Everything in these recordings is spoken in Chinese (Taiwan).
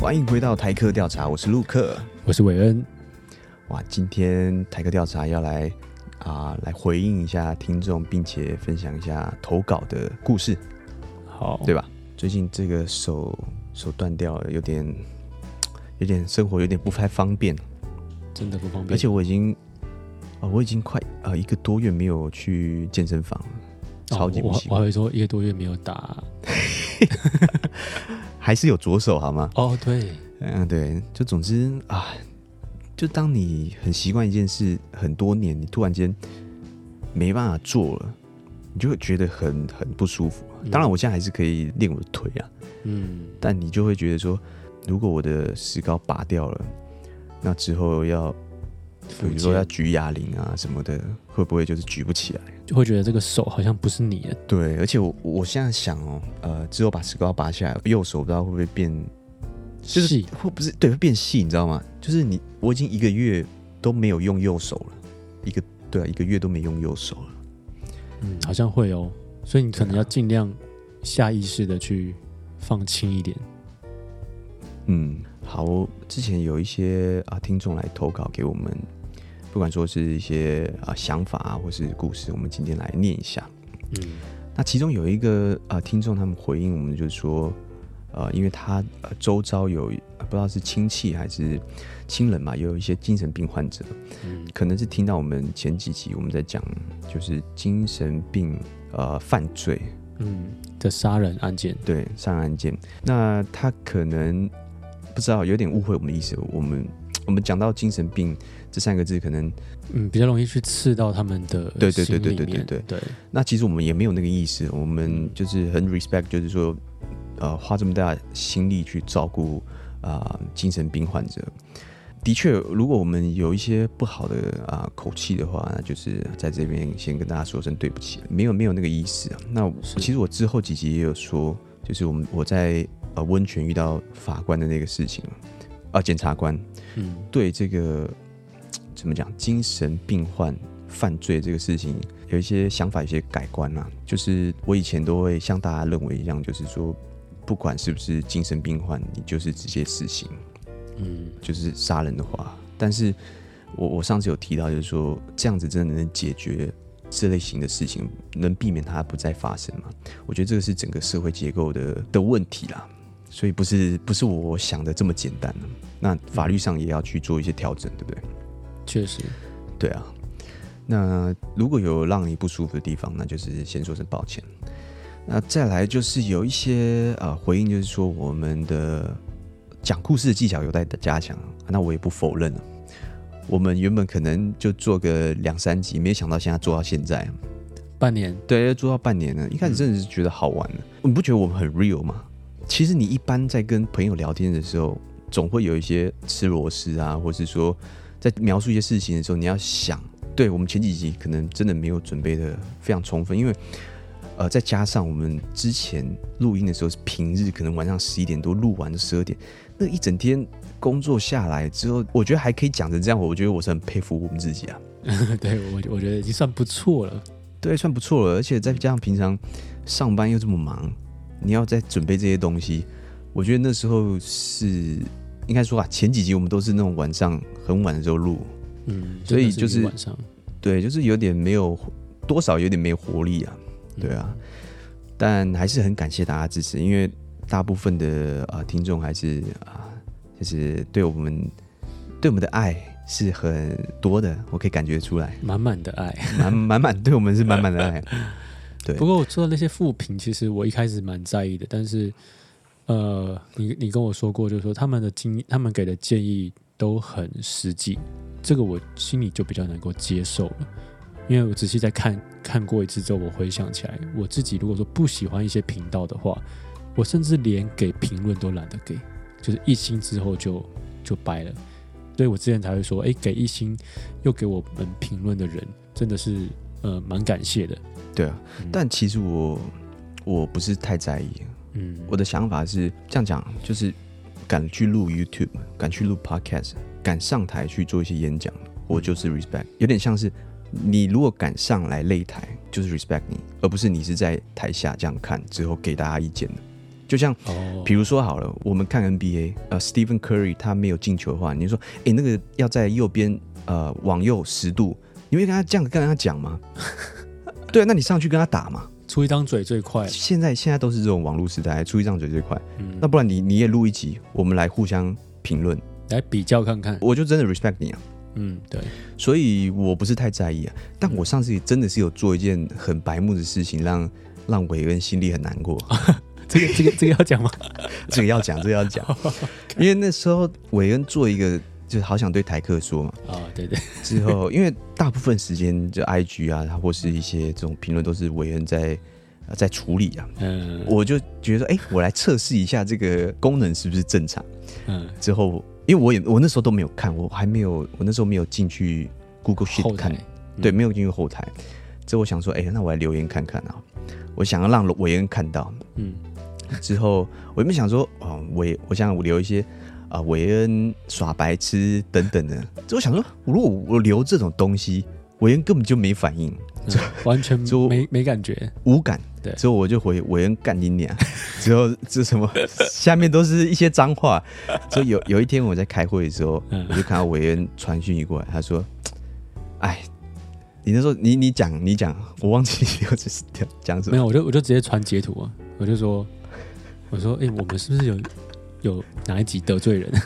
歡迎回到台客調查，我是陸克，我是偉恩。哇，今天台客調查要來。啊，來回應一下聽眾，並且分享一下投稿的故事，好，對吧？最近這個手手斷掉了，有點，有點生活有點不太方便，真的不方便。而且我已經啊、哦，我已經快啊、呃、一個多月沒有去健身房了，哦、超級不習慣。我，我還說一個多月沒有打、啊， 還是有左手好嗎？哦，對，嗯，對，就總之啊。就當你很習慣一件事，很多年你突然間沒辦法做了，你就會覺得很很不舒服。嗯、當然，我現在還是可以練我的腿啊，嗯，但你就會覺得說，如果我的石膏拔掉了，那之後要錢比如說要舉啞鈴啊什麼的，會不會就是舉不起來？就會覺得這個手好像不是你的。對，而且我我現在想哦、喔，呃，之後把石膏拔下來，右手不知道會不會變。就是會細不是對，會變細，你知道嗎？就是你我已經一個月都沒有用右手了，一個對啊，一個月都沒用右手了，嗯，好像會哦，所以你可能要盡量下意識的去放輕一點。啊、嗯，好，之前有一些啊、呃、聽眾來投稿給我們，不管說是一些啊、呃、想法啊，或是故事，我們今天來念一下。嗯，那其中有一個啊、呃、聽眾他們回應我們，就是說。呃，因為他呃周遭有不知道是親戚還是親人嘛，也有一些精神病患者，嗯，可能是聽到我們前幾集我們在講就是精神病呃犯罪，嗯的殺人案件，對殺人案件，那他可能不知道有點誤會我們的意思，嗯、我們。我們講到精神病這三個字，可能嗯比較容易去刺到他們的對，對對對對對對對對。對那其實我們也沒有那個意思，我們就是很 respect，就是說呃花這麼大的心力去照顧啊、呃、精神病患者。的確，如果我們有一些不好的啊、呃、口氣的話，那就是在這邊先跟大家說聲對不起，沒有沒有那個意思啊。那是其實我之後幾集也有說，就是我們我在呃溫泉遇到法官的那個事情。啊，檢察官，嗯，對這個怎麼講精神病患犯罪這個事情，有一些想法，一些改觀啦。就是我以前都會像大家認為一樣，就是說，不管是不是精神病患，你就是直接死刑，嗯，就是殺人的話。但是我我上次有提到，就是說這樣子真的能解決這類型的事情，能避免它不再發生嗎？我覺得這個是整個社會結構的的問題啦，所以不是不是我想的這麼簡單。那法律上也要去做一些調整，對不對？確實，對啊。那如果有讓你不舒服的地方，那就是先說聲抱歉。那再來就是有一些啊、呃，回應，就是說我們的講故事的技巧有待的加強。那我也不否認了。我們原本可能就做個兩三集，沒想到現在做到現在半年，對，做到半年了。一開始真的是覺得好玩，嗯、你不覺得我們很 real 嗎？其實你一般在跟朋友聊天的時候。總會有一些吃螺絲啊，或者是說，在描述一些事情的時候，你要想，對，我們前幾集可能真的沒有準備得非常充分，因為呃，再加上我們之前錄音的時候是平日，可能晚上十一點多錄完就十二點，那一整天工作下來之後，我覺得還可以講成這樣，我覺得我是很佩服我們自己啊。 對我，我覺得已經算不錯了，對，算不錯了，而且再加上平常上班又這麼忙，你要再準備這些東西。我覺得那時候是應該說啊，前幾集我們都是那種晚上很晚的時候錄，嗯，所以就是，就是晚上，對，就是有點沒有多少，有點沒有活力啊，對啊。嗯、但還是很感謝大家支持，因為大部分的啊、呃、聽眾還是啊、呃，就是對我們對我們的愛是很多的，我可以感覺出來，滿滿的愛，滿滿滿對我們是滿滿的愛， 對。不過我做的那些負評，其實我一開始蠻在意的，但是。呃，你你跟我說過，就是說他們的經，他們給的建議都很實際，這個我心裡就比較能夠接受了。因為我仔細在看看過一次之後，我回想起來，我自己如果說不喜歡一些頻道的話，我甚至連給評論都懶得給，就是一星之後就就掰了。所以我之前才會說，哎，給一星又給我們評論的人，真的是呃蠻感謝的。對啊，但其實我我不是太在意。嗯， 我的想法是這樣講，就是敢去錄 YouTube，敢去錄 Podcast，敢上台去做一些演講，我就是 respect。有點像是你如果敢上來擂台，就是 respect 你，而不是你是在台下這樣看之後給大家意見的。就像，比、oh. 如說好了，我們看 NBA，呃、uh,，Stephen Curry 他沒有進球的話，你就說，哎、欸，那個要在右邊，呃，往右十度，你會跟他這樣跟他講嗎？ 對啊，那你上去跟他打嘛。出一張嘴最快。現在現在都是這種網絡時代，出一張嘴最快。嗯，那不然你你也錄一集，我們來互相評論，來比較看看。我就真的 respect 你啊。嗯，對，所以我不是太在意啊。但我上次也真的是有做一件很白目的事情，讓讓韋恩心裡很難過。啊、這個這個這個要講嗎？這個要講， 這個要講。 Okay. 因為那時候韋恩做一個。就是好想對台客說嘛，啊、哦，對對。之後，因為大部分時間就 I G 啊，或是一些這種評論都是委員在呃在處理啊。嗯，我就覺得，哎、欸，我來測試一下這個功能是不是正常？嗯，之後，因為我也我那時候都沒有看，我還沒有，我那時候沒有進去 Google Sheet 看，後台嗯、對，沒有進去後台。所以我想說，哎、欸，那我來留言看看啊，我想要讓委員看到，嗯，之後我也沒想說，哦，我我想我留一些。啊，韋、呃、恩耍白痴等等的，就我想說，如果我留這種東西，韋恩根本就沒反應，就嗯、完全沒就沒我沒感覺，無感。對，之後我就回韋恩幹你娘，之後這什麼 下面都是一些髒話。所以有有一天我在開會的時候，嗯、我就看到韋恩傳訊息過來，他說：“哎，你那時候你你講你講，我忘記，我就是這樣講什麼，沒有，我就我就直接傳截圖啊，我就說，我說哎、欸，我們是不是有？” 有哪一集得罪人？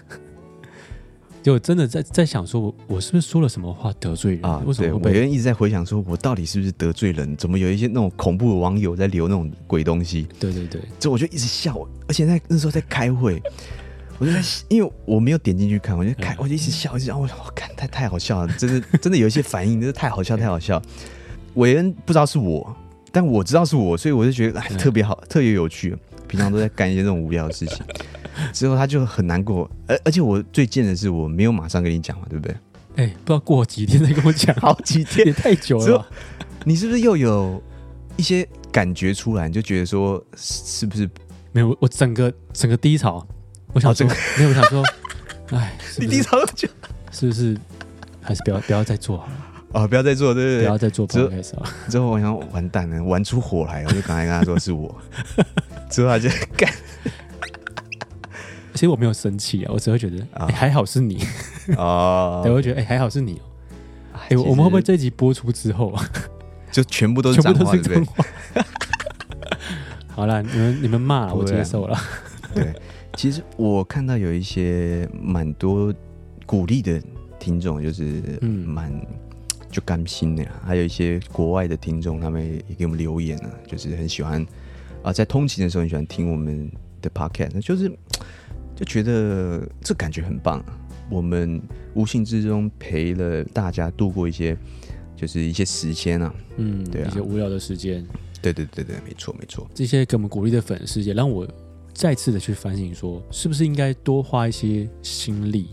就真的在在想說，說我我是不是說了什麼話得罪人？啊？為什麼韋恩一直在回想，說我到底是不是得罪人？怎麼有一些那種恐怖的網友在留那種鬼東西？對對對，就我就一直笑，而且在那時候在開會，我就在，因為我沒有點進去看，我就看，嗯、我就一直笑，一直笑，我說我看太太好笑了，真的真的有一些反應， 真的太好笑，太好笑。韋恩不知道是我，但我知道是我，所以我就覺得哎，特別好，特別有趣。嗯、平常都在幹一些那種無聊的事情。之後他就很難過，而而且我最賤的是我沒有馬上跟你講嘛，對不對？哎，不知道過幾天再跟我講，好幾天也太久了。你是不是又有一些感覺出來？你就覺得說是不是沒有？我整個整個低潮，我想整個，沒有，我想說，哎，你低潮多久？是不是還是不要不要再做好了？啊，不要再做，對不對？不要再做。之後我想完蛋了，玩出火來，我就剛才跟他說是我，之後他就幹。其實我沒有生氣啊，我只會覺得還好是你哦，我會覺得哎，還好是你哎，我們會不會這一集播出之後， 就全部都是全部都是髒話？ 好了，你們你們罵、啊、我接受了。對，其實我看到有一些蠻多鼓勵的聽眾，就是蠻就甘心的呀、啊。還有一些國外的聽眾，他們也給我們留言呢、啊，就是很喜歡啊、呃，在通勤的時候很喜歡聽我們的 Podcast 就是。覺得這感覺很棒，啊，我們無形之中陪了大家度過一些，就是一些時間啊，嗯，對啊，一些無聊的時間。對對對對，沒錯沒錯。這些給我們鼓勵的粉絲也讓我再次的去反省說，說是不是應該多花一些心力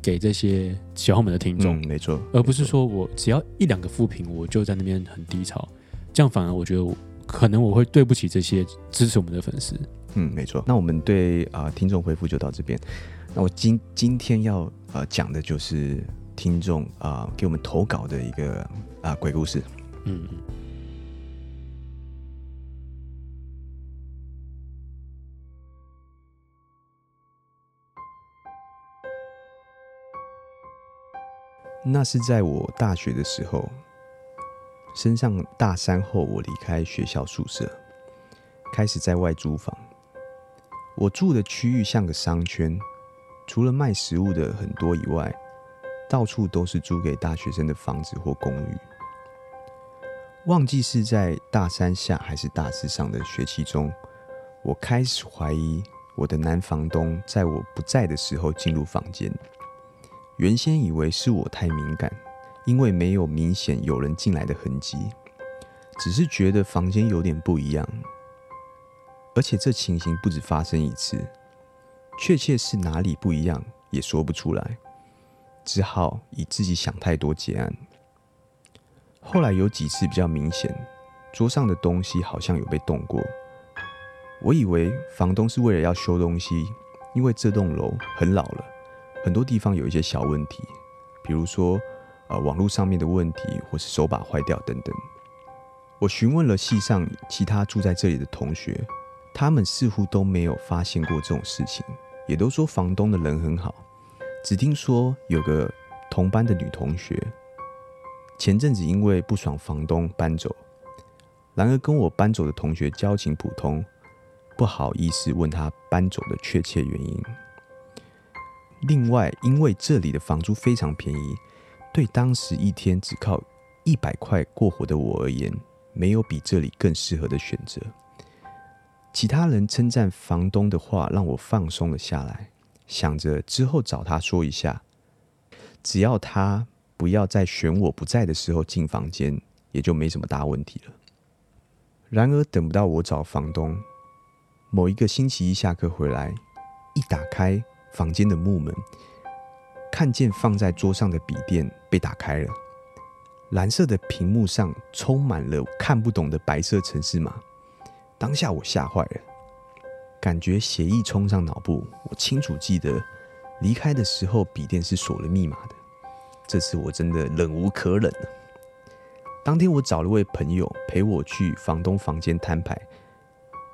給這些小號們的聽眾？嗯，沒錯，而不是說我只要一兩個負評，我就在那邊很低潮，這樣反而我覺得我可能我會對不起這些支持我們的粉絲。嗯，沒錯。那我們對啊，呃，聽眾回復就到這邊。那我今今天要呃講的就是聽眾啊、呃、給我們投稿的一個啊、呃、鬼故事。嗯，那是在我大學的時候，升上大三後，我離開學校宿舍，開始在外租房。我住的區域像個商圈，除了賣食物的很多以外，到處都是租給大學生的房子或公寓。忘記是在大三下還是大四上的學期中，我開始懷疑我的男房東在我不在的時候進入房間。原先以為是我太敏感，因為沒有明顯有人進來的痕跡，只是覺得房間有點不一樣。而且這情形不止發生一次，確切是哪裡不一樣也說不出來，只好以自己想太多結案。後來有幾次比較明顯，桌上的東西好像有被動過。我以為房東是為了要修東西，因為這棟樓很老了，很多地方有一些小問題，比如說呃，網絡上面的問題，或是手把壞掉等等。我詢問了系上其他住在這裡的同學。他們似乎都沒有發現過這種事情，也都說房東的人很好。只聽說有個同班的女同學，前陣子因為不爽房東搬走，然而跟我搬走的同學交情普通，不好意思問他搬走的確切原因。另外，因為這裡的房租非常便宜，對當時一天只靠一百塊過活的我而言，沒有比這裡更適合的選擇。其他人稱讚房東的話讓我放鬆了下來，想着之後找他說一下，只要他不要趁我不在的時候進房間，也就沒什麼大問題了。然而等不到我找房東，某一個星期一下課回來，一打開房間的木門，看見放在桌上的筆電被打開了，藍色的屏幕上充滿了看不懂的白色程式碼。當下我嚇壞了，感覺血液衝上腦部。我清楚記得，離開的時候筆電是鎖了密碼的。這次我真的忍無可忍。當天我找了位朋友陪我去房東房間攤牌，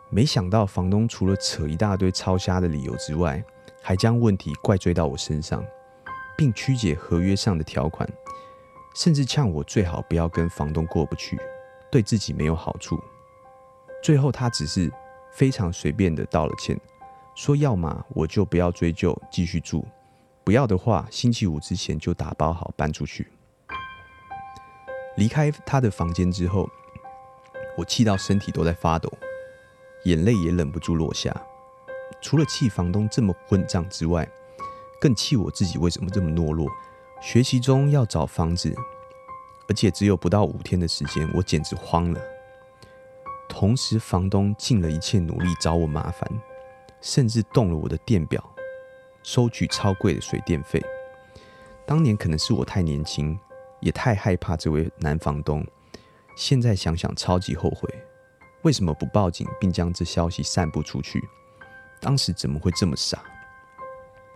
沒想到房東除了扯一大堆超瞎的理由之外，還將問題怪罪到我身上，並曲解合約上的條款，甚至嗆我最好不要跟房東過不去，對自己沒有好處。最後，他只是非常隨便地道了歉，說要嘛我就不要追究，繼續住；不要的話，星期五之前就打包好搬出去。離開他的房間之後，我氣到身體都在發抖，眼淚也忍不住落下。除了氣房東這麼混賬之外，更氣我自己為什麼這麼懦弱。學習中要找房子，而且只有不到五天的時間，我簡直慌了。同時，房東盡了一切努力找我麻煩，甚至動了我的電表，收取超貴的水電費。當年可能是我太年輕，也太害怕這位男房東，現在想想超級後悔。為什麼不報警，並將這消息散布出去？當時怎麼會這麼傻？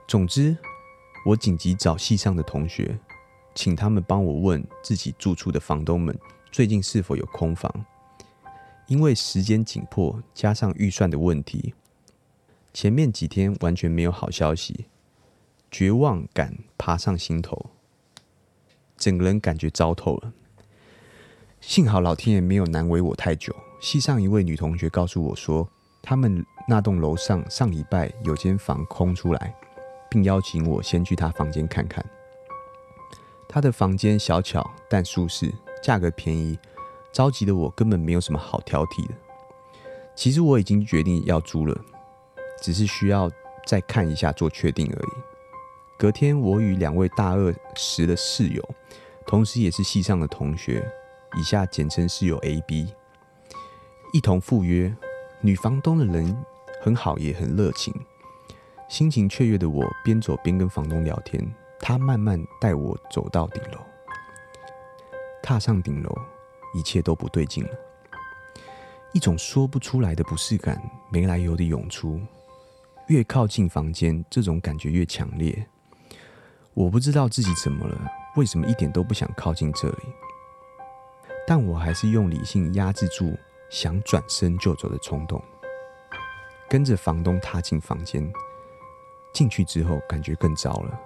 總之，我緊急找系上的同學，請他們幫我問自己住處的房東們，最近是否有空房。因為時間緊迫，加上預算的問題，前面幾天完全沒有好消息，絕望感爬上心頭，整個人感覺糟透了。幸好老天爺沒有難為我太久，系上一位女同學告訴我說，他們那棟樓上上禮拜有間房空出來，並邀請我先去她房間看看。她的房間小巧但舒適，價格便宜。着急的我根本沒有什麼好挑剔的，其實我已經決定要租了，只是需要再看一下做確定而已。隔天，我與兩位大二時的室友，同時也是系上的同學，以下簡稱室友 A、B，一同赴約。女房東的人很好，也很熱情。心情雀躍的我邊走邊跟房東聊天，她慢慢帶我走到頂樓，踏上頂樓，一切都不對勁了，一種說不出來的不適感沒來由的湧出，越靠近房間，這種感覺越強烈。我不知道自己怎麼了，為什麼一點都不想靠近這裡？但我還是用理性壓制住想轉身就走的衝動，跟着房東踏進房間。進去之後，感覺更糟了。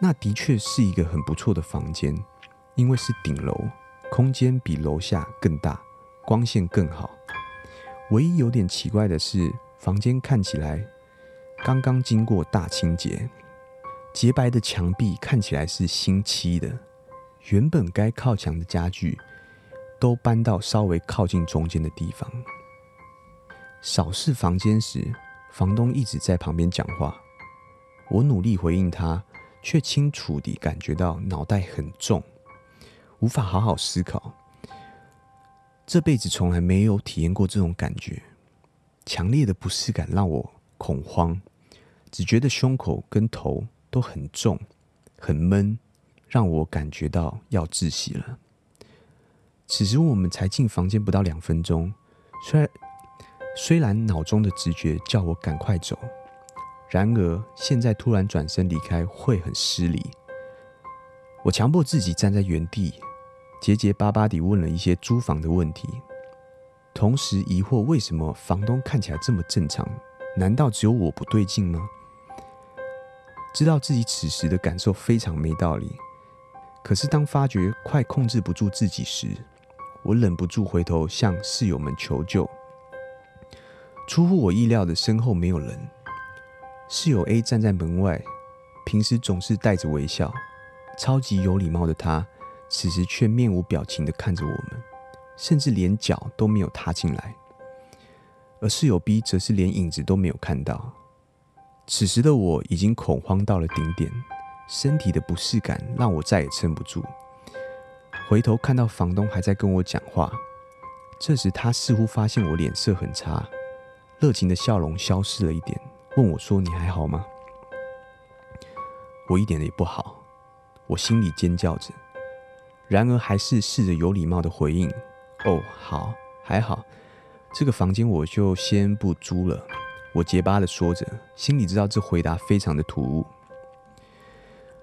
那的確是一個很不錯的房間，因為是頂樓。空間比樓下更大，光線更好。唯一有點奇怪的是，房間看起來剛剛經過大清潔，潔白的牆壁看起來是新漆的。原本該靠牆的家具都搬到稍微靠近中間的地方。掃視房間時，房東一直在旁邊講話，我努力回應他，卻清楚地感覺到腦袋很重。無法好好思考，這輩子從來沒有體驗過這種感覺，強烈的不適感讓我恐慌，只覺得胸口跟頭都很重，很悶，讓我感覺到要窒息了。此時我們才進房間不到兩分鐘，雖然雖然腦中的直覺叫我趕快走，然而現在突然轉身離開會很失禮。我強迫自己站在原地。結結巴巴地問了一些租房的問題，同時疑惑為什麼房東看起來這麼正常，難道只有我不對勁嗎？知道自己此時的感受非常沒道理，可是當發覺快控制不住自己時，我忍不住回頭向室友們求救。出乎我意料的，身後沒有人。室友 A 站在門外，平時總是帶着微笑，超級有禮貌的他。此時卻面無表情地看着我們，甚至連腳都沒有踏進來。而室友 B 則是連影子都沒有看到。此時的我已經恐慌到了頂點，身體的不適感讓我再也撐不住。回頭看到房東還在跟我講話，這時他似乎發現我臉色很差，熱情的笑容消失了一點，問我說：“你還好嗎？”我一點也不好，我心裡尖叫着。然而，還是試着有禮貌地回應：“哦，好，還好，這個房間我就先不租了。”我結巴地說着，心裡知道這回答非常的突兀。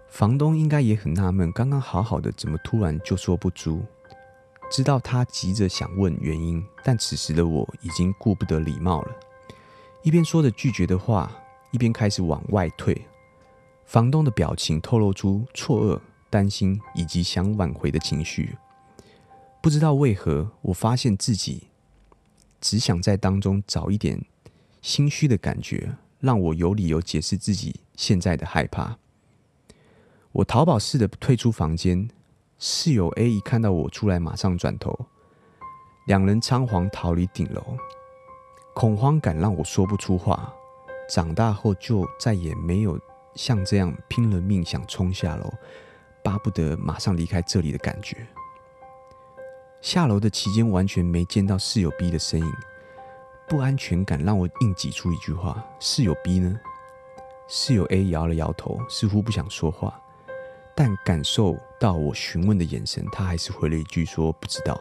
房東應該也很納悶，剛剛好好的，怎麼突然就說不租？知道他急着想問原因，但此時的我已經顧不得禮貌了，一邊說着拒絕的話，一邊開始往外退。房東的表情透露出錯愕。擔心以及想挽回的情緒，不知道為何，我發現自己只想在當中找一點心虛的感覺，讓我有理由解釋自己現在的害怕。我逃跑似的退出房間，室友 A 一看到我出來，馬上轉頭，兩人倉皇逃離頂樓。恐慌感讓我說不出話。長大後就再也沒有像這樣拼了命想衝下樓。巴不得馬上離開這裡的感覺。下樓的期間，完全沒見到室友 B 的身影，不安全感讓我硬擠出一句話：“室友 B 呢？”室友 A 搖了搖頭，似乎不想說話，但感受到我詢問的眼神，他還是回了一句說：“不知道。”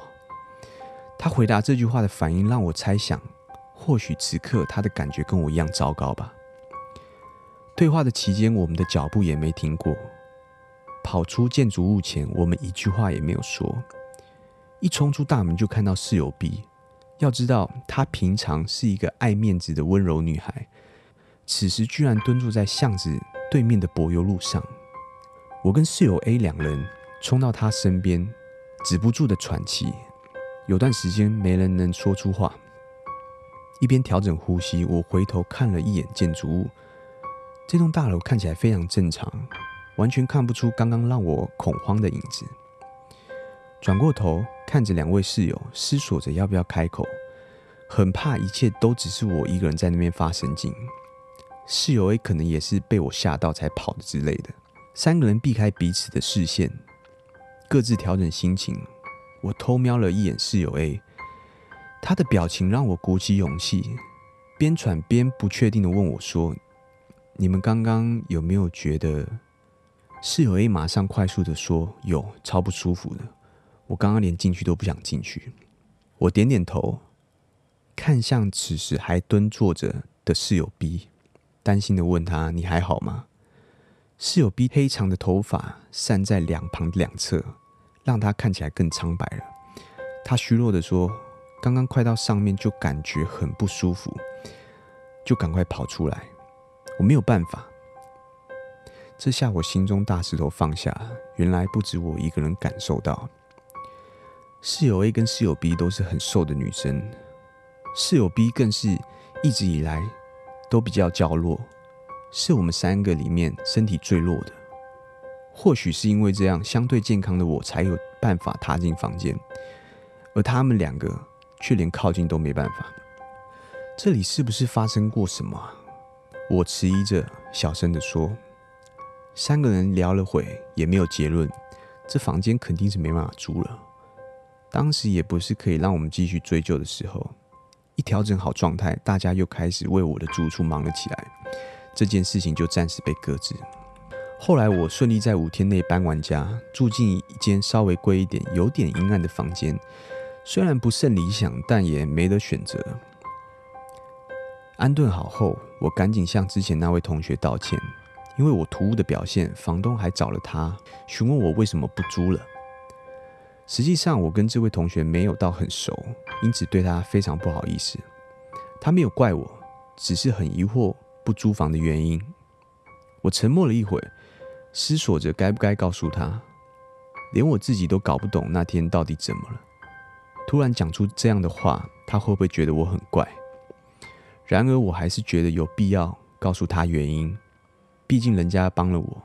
他回答這句話的反應，讓我猜想，或許此刻他的感覺跟我一樣糟糕吧。對話的期間，我們的腳步也沒停過。跑出建築物前，我們一句話也沒有說。一衝出大門，就看到室友 B。要知道，她平常是一個愛面子的溫柔女孩，此時居然蹲坐在巷子對面的柏油路上。我跟室友 A 兩人衝到她身邊，止不住的喘氣。有段時間，沒人能說出話。一邊調整呼吸，我回頭看了一眼建築物。這棟大樓看起來非常正常。完全看不出剛剛讓我恐慌的影子。轉過頭看着兩位室友，思索着要不要開口，很怕一切都只是我一個人在那邊發神經。室友 A 可能也是被我嚇到才跑的之類的。三個人避開彼此的視線，各自調整心情。我偷瞄了一眼室友 A，他的表情讓我鼓起勇氣，邊喘邊不確定的問我說：“你們剛剛有沒有覺得？”室友 A 馬上快速地說：“有，超不舒服的，我剛剛連進去都不想進去。”我點點頭，看向此時還蹲坐着的室友 B，擔心地問他：“你還好嗎？”室友 B 黑長的頭髮散在兩旁兩側，讓他看起來更蒼白了。他虛弱地說：“剛剛快到上面就感覺很不舒服，就趕快跑出來。”我沒有辦法。這下我心中大石頭放下，原來不止我一個人感受到。室友 A 跟室友 B 都是很瘦的女生，室友 B 更是一直以來都比較嬌弱，是我們三個裡面身體最弱的。或許是因為這樣，相對健康的我才有辦法踏進房間，而他們兩個卻連靠近都沒辦法。這裡是不是發生過什麼？我遲疑着，小聲地說。三個人聊了會，也沒有結論。這房間肯定是沒辦法住了。當時也不是可以讓我們繼續追究的時候。一調整好狀態，大家又開始為我的住處忙了起來，這件事情就暫時被擱置。後來我順利在五天內搬完家，住進一間稍微貴一點、有點陰暗的房間。雖然不甚理想，但也沒得選擇。安頓好後，我趕緊向之前那位同學道歉。因為我突兀的表現，房東還找了他詢問我為什麼不租了。實際上，我跟這位同學沒有到很熟，因此對他非常不好意思。他沒有怪我，只是很疑惑不租房的原因。我沉默了一會，思索着該不該告訴他。連我自己都搞不懂那天到底怎麼了，突然講出這樣的話，他會不會覺得我很怪？然而，我還是覺得有必要告訴他原因。畢竟人家幫了我，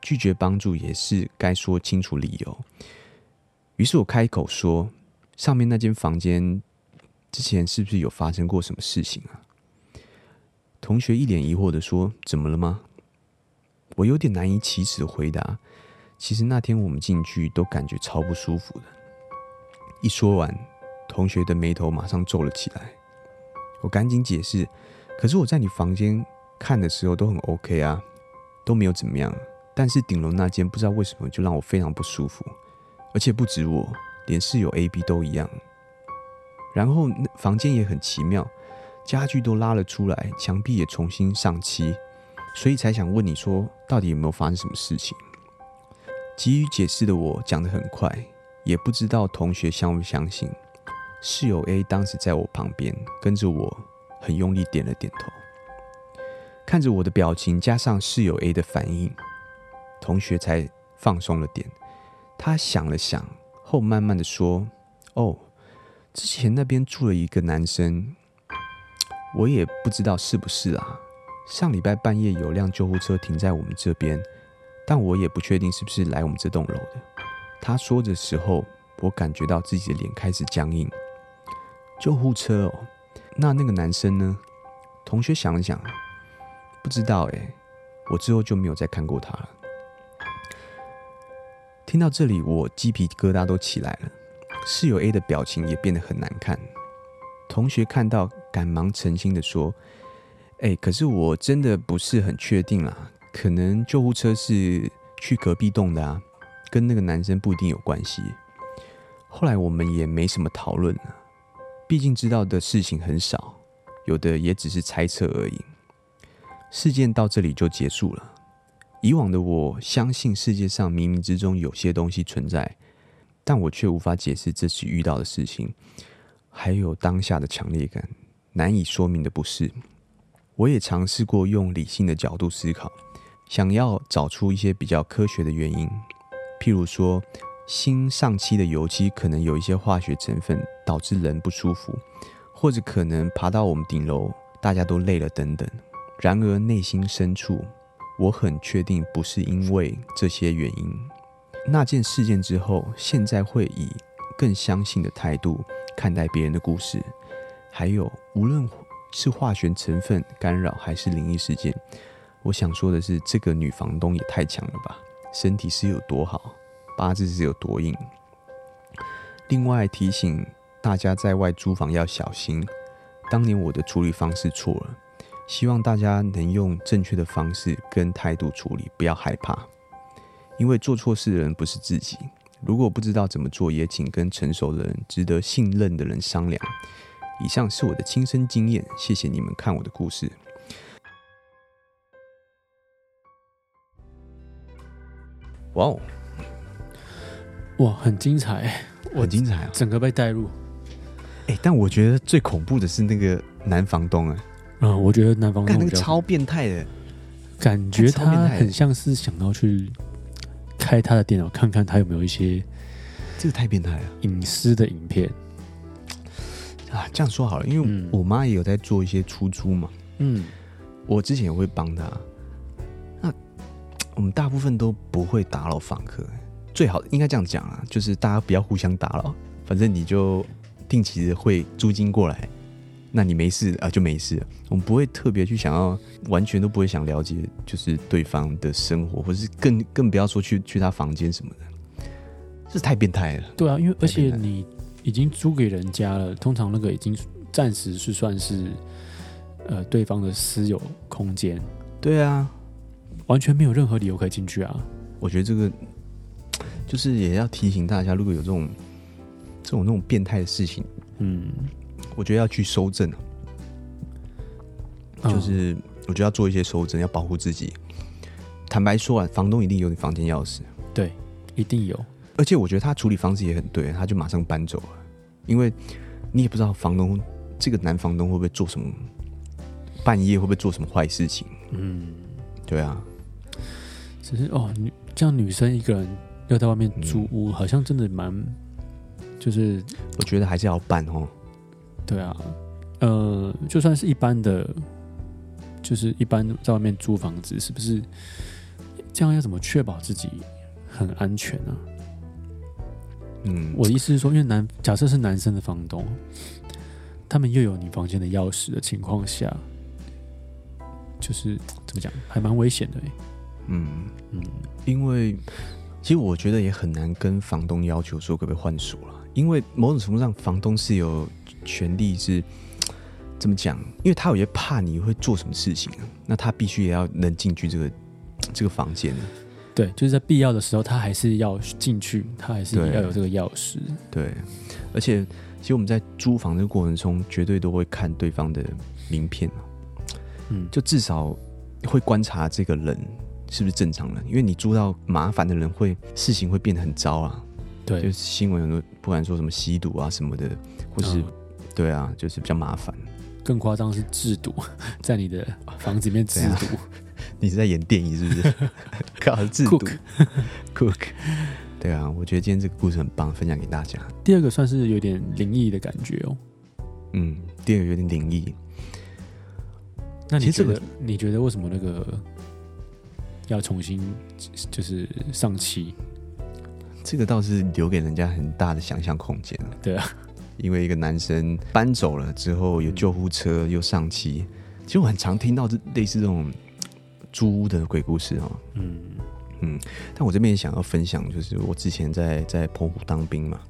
拒絕幫助也是該說清楚理由。於是我開口說：“上面那間房間之前是不是有發生過什麼事情啊？”同學一臉疑惑的說：“怎麼了嗎？”我有點難以啟齒的回答：“其實那天我們進去都感覺超不舒服的。”一說完，同學的眉頭馬上皺了起來。我趕緊解釋：“可是我在你房間看的時候都很 OK 啊。”都沒有怎麼樣，但是頂樓那間不知道為什麼就讓我非常不舒服，而且不止我，連室友 A、B 都一樣。然後那房間也很奇妙，家具都拉了出來，牆壁也重新上漆，所以才想問你說，到底有沒有發生什麼事情？急於解釋的我講得很快，也不知道同學相不相信。室友 A 當時在我旁邊，跟着我很用力點了點頭。看着我的表情，加上室友 A 的反應，同學才放鬆了點。他想了想後，慢慢的說：“哦，之前那邊住了一個男生，我也不知道是不是啊。上禮拜半夜有輛救護車停在我們這邊，但我也不確定是不是來我們這棟樓的。”他說的時候，我感覺到自己的臉開始僵硬。救護車哦，那那個男生呢？同學想了想。不知道誒、欸，我之後就沒有再看過他了。聽到這裡，我雞皮疙瘩都起來了。室友 A 的表情也變得很難看。同學看到，趕忙澄清的說：“哎、欸，可是我真的不是很確定啦，可能救護車是去隔壁棟的啊，跟那個男生不一定有關係。”後來我們也沒什麼討論了，畢竟知道的事情很少，有的也只是猜測而已。事件到這裡就結束了。以往的我相信世界上冥冥之中有些東西存在，但我卻無法解釋這次遇到的事情，還有當下的強烈感、難以說明的不適。我也嘗試過用理性的角度思考，想要找出一些比較科學的原因，譬如說新上漆的油漆可能有一些化學成分導致人不舒服，或者可能爬到我們頂樓，大家都累了等等。然而，內心深處，我很確定不是因為這些原因。那件事件之後，現在會以更相信的態度看待別人的故事。還有，無論是化學成分干擾，還是靈異事件，我想說的是，這個女房東也太強了吧！身體是有多好，八字是有多硬。另外提醒大家，在外租房要小心。當年我的處理方式錯了。希望大家能用正確的方式跟態度處理，不要害怕，因為做錯事的人不是自己。如果不知道怎麼做，也請跟成熟的人、值得信任的人商量。以上是我的親身經驗，謝謝你們看我的故事。哇、wow、哦，哇，很精彩，很精彩啊。我，整個被帶入。欸，但我覺得最恐怖的是那個男房東啊。嗯，我覺得男方看那個超變態的，感覺他很像是想要去開他的電腦，看看他有沒有一些，這個太變態了，隱私的影片。啊，這樣說好了，因為我媽也有在做一些出租嘛，嗯，我之前也會幫他。那我們大部分都不會打擾房客、欸，最好應該這樣講啊，就是大家不要互相打擾，反正你就定期匯租金過來。那你沒事啊，呃，就沒事。我們不會特別去想要，完全都不會想了解，就是對方的生活，或是更更不要說去去他房間什麼的，這太變態了。對啊，因為而且你已經租給人家了，人家了，通常那個已經暫時是算是呃對方的私有空間。對啊，完全沒有任何理由可以進去啊。我覺得這個就是也要提醒大家，如果有這種這種那種變態的事情，嗯。我覺得要去蒐證，就是我覺得要做一些蒐證，嗯、要保護自己。坦白說啊，房東一定有你房間鑰匙，對，一定有。而且我覺得他處理方式也很對，他就馬上搬走了。因為你也不知道房東這個男房東會不會做什麼，半夜會不會做什麼壞事情？嗯，對啊。只是哦，女這樣女生一個人要在外面租屋，嗯、好像真的蠻……就是我覺得還是要辦哦。對啊，呃，就算是一般的，就是一般在外面租房子，是不是這樣要怎麼確保自己很安全呢、啊？嗯，我的意思是說，因為男假設是男生的房東，他們又有女房間的鑰匙的情況下，就是怎麼講，還蠻危險的、欸。嗯嗯，嗯因為其實我覺得也很難跟房東要求說可不可以換鎖了，因為某種程度上房東是有。權利是怎麼講？因為他有些怕你會做什麼事情、啊，那他必須也要能進去這個這個房間、啊、對，就是在必要的時候，他還是要進去，他還是要有這個鑰匙對。對，而且其實我們在租房這個過程中，絕對都會看對方的名片嗯、啊，就至少會觀察這個人是不是正常人，因為你租到麻煩的人會，會事情會變得很糟啊。對，就是新聞很多，不管說什麼吸毒啊什麼的，或是、嗯。對啊，就是比較麻煩。更誇張的是製毒，在你的房子裡面製毒，啊，你是在演電影是不是？ 搞製毒。Cook 對啊，我覺得今天這個故事很棒，分享給大家。第二個算是有點靈異的感覺哦。嗯，第二個有點靈異。那你這個，你覺得為什麼那個要重新就是上漆？這個倒是留給人家很大的想象空間。對啊。因為一個男生搬走了之後，有救護車又上機。嗯、其實我很常聽到這類似這種租屋的鬼故事哈、哦。嗯嗯，但我這邊也想要分享，就是我之前在在澎湖當兵嘛，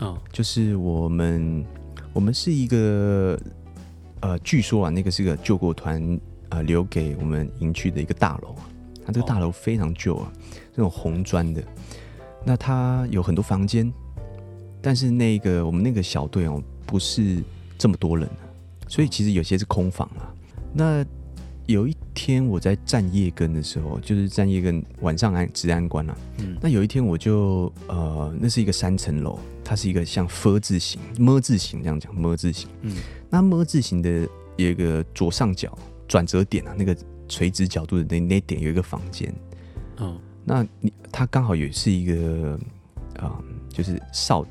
哦，就是我們我們是一個呃，據說啊，那個是個救國團啊、呃、留給我們營區的一個大樓。它這個大樓非常舊啊，那、哦、種紅磚的，那它有很多房間。但是那個我們那個小隊哦、啊，不是這麼多人、啊，所以其實有些是空房啊。嗯、那有一天我在站夜更的時候，就是站夜更晚上安治安官啊。嗯。那有一天我就呃，那是一個三層樓，它是一個像型“麼”字形，“麼”字形這樣講，“麼”字形。嗯。那“麼”字形的有一個左上角轉折點啊，那個垂直角度的那那點有一個房間。哦。那你它剛好也是一個、呃、就是少。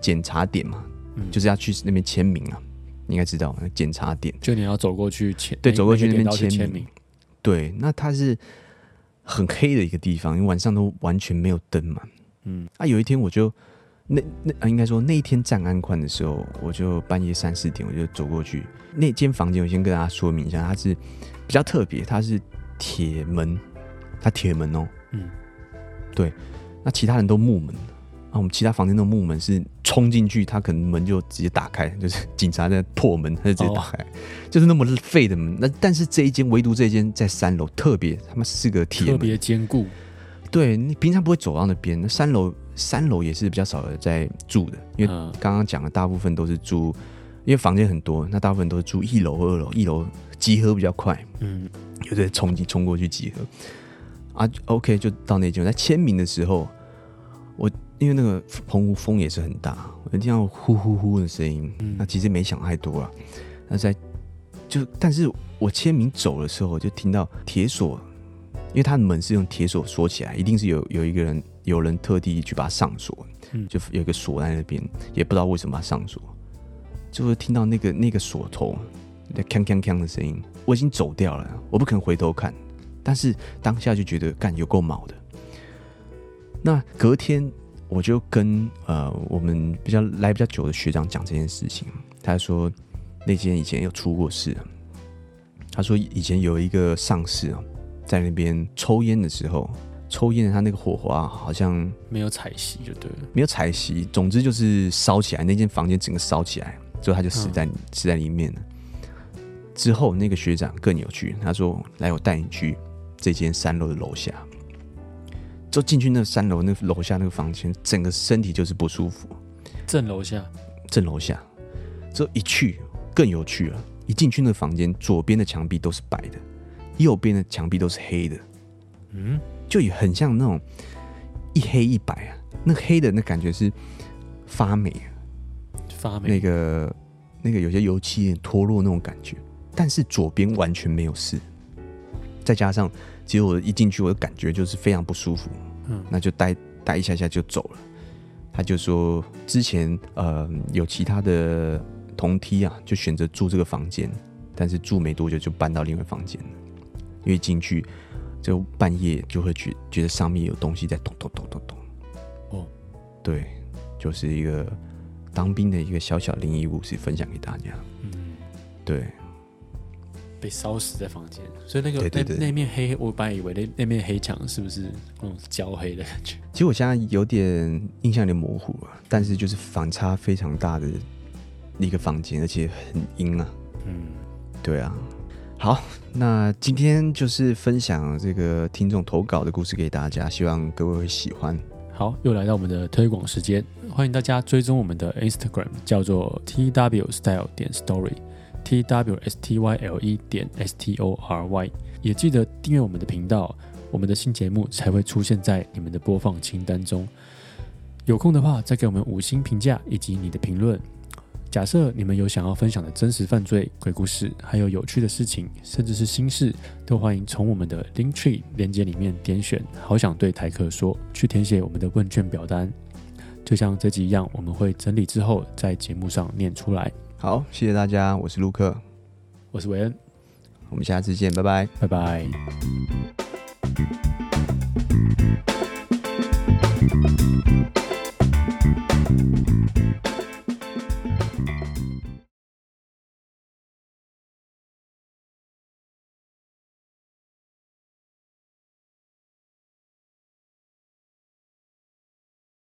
檢查點嘛，嗯、就是要去那邊簽名啊，你應該知道檢查點，就你要走過去簽，對，一走過去那邊簽名，對，那它是很黑的一個地方，因為晚上都完全沒有燈嘛，嗯，啊，有一天我就那那應該說那一天站安官的時候，我就半夜三四點我就走過去那間房間，我先跟大家說明一下，它是比較特別，它是鐵門，它鐵門哦、喔，嗯，對，那其他人都木門。我們其他房間那種木門是衝進去，他可能門就直接打開，就是警察在破門，他就直接打開，Oh. 就是那麼廢的門。那但是這一間唯獨這一間在三樓，特別他們四個鐵門，特別堅固。對你平常不會走到那邊，那三樓三樓也是比較少的在住的，因為剛剛講的大部分都是住，因為房間很多，那大部分都是住一樓二樓，一樓集合比較快，嗯，有在衝擊衝過去集合啊。OK，就到那間，在簽名的時候。因為那個澎湖風也是很大，我聽到呼呼呼的聲音。那其實沒想太多了啊。那在就，但是我簽名走的時候，就聽到鐵鎖，因為他的門是用鐵鎖鎖起來，一定是有有一個人，有人特地去把它上鎖，就有一個鎖在那邊，也不知道為什麼要上鎖，就會聽到那個那個鎖頭在鏘鏘鏘的聲音。我已經走掉了，我不肯回頭看，但是當下就覺得幹有夠毛的。那隔天。我就跟呃我們比較來比較久的學長講這件事情，他說那間以前有出過事，他說以前有一個上士哦，在那邊抽菸的時候，抽菸的他那個火花好像沒有踩熄，就對，沒有踩熄，總之就是燒起來，那間房間整個燒起來，最後他就死在、嗯、死在裡面了。之後那個學長更有趣，他說，來，我帶你去這間三樓的樓下。都進去那三樓那樓下那個房間，整個身體就是不舒服。正樓下，正樓下，這一去更有趣了。一進去那個房間，左邊的牆壁都是白的，右邊的牆壁都是黑的。嗯，就也很像那種一黑一白啊。那黑的那感覺是發霉啊，發霉，那個那個有些油漆有點脫落那種感覺。但是左邊完全沒有事，再加上。結果一進去，我的感覺就是非常不舒服，嗯，那就待待一下下就走了。他就說之前呃有其他的同梯啊，就選擇住這個房間，但是住沒多久就搬到另外房間了，因為進去就半夜就會覺得覺得上面有東西在咚咚咚咚咚。哦，對，就是一個當兵的一個小小靈異故事，分享給大家。嗯，對。被燒死在房間，所以那個對對對，那那面黑黑，我本來以為那那面黑牆是不是那種焦黑的感覺？其實我現在有點印象有點模糊啊。但是就是反差非常大的一個房間，而且很陰啊。嗯，對啊。好，那今天就是分享這個聽眾投稿的故事給大家，希望各位會喜歡。好，又來到我們的推廣時間，歡迎大家追蹤我們的 Instagram，叫做 T W Style 點 Story。t w s t y l e 點 s t o r y，也記得訂閱我們的頻道，我們的新節目才會出現在你們的播放清單中。有空的話，再給我們五星評價以及你的評論。假設你們有想要分享的真實犯罪、鬼故事，還有有趣的事情，甚至是心事，都歡迎從我們的 link tree 連接裡面點選。好想對台客說，去填寫我們的問卷表單。就像這集一樣，我們會整理之後在節目上念出來。好，謝謝大家，我是路克，我是維恩，我們下次見，拜拜，拜拜。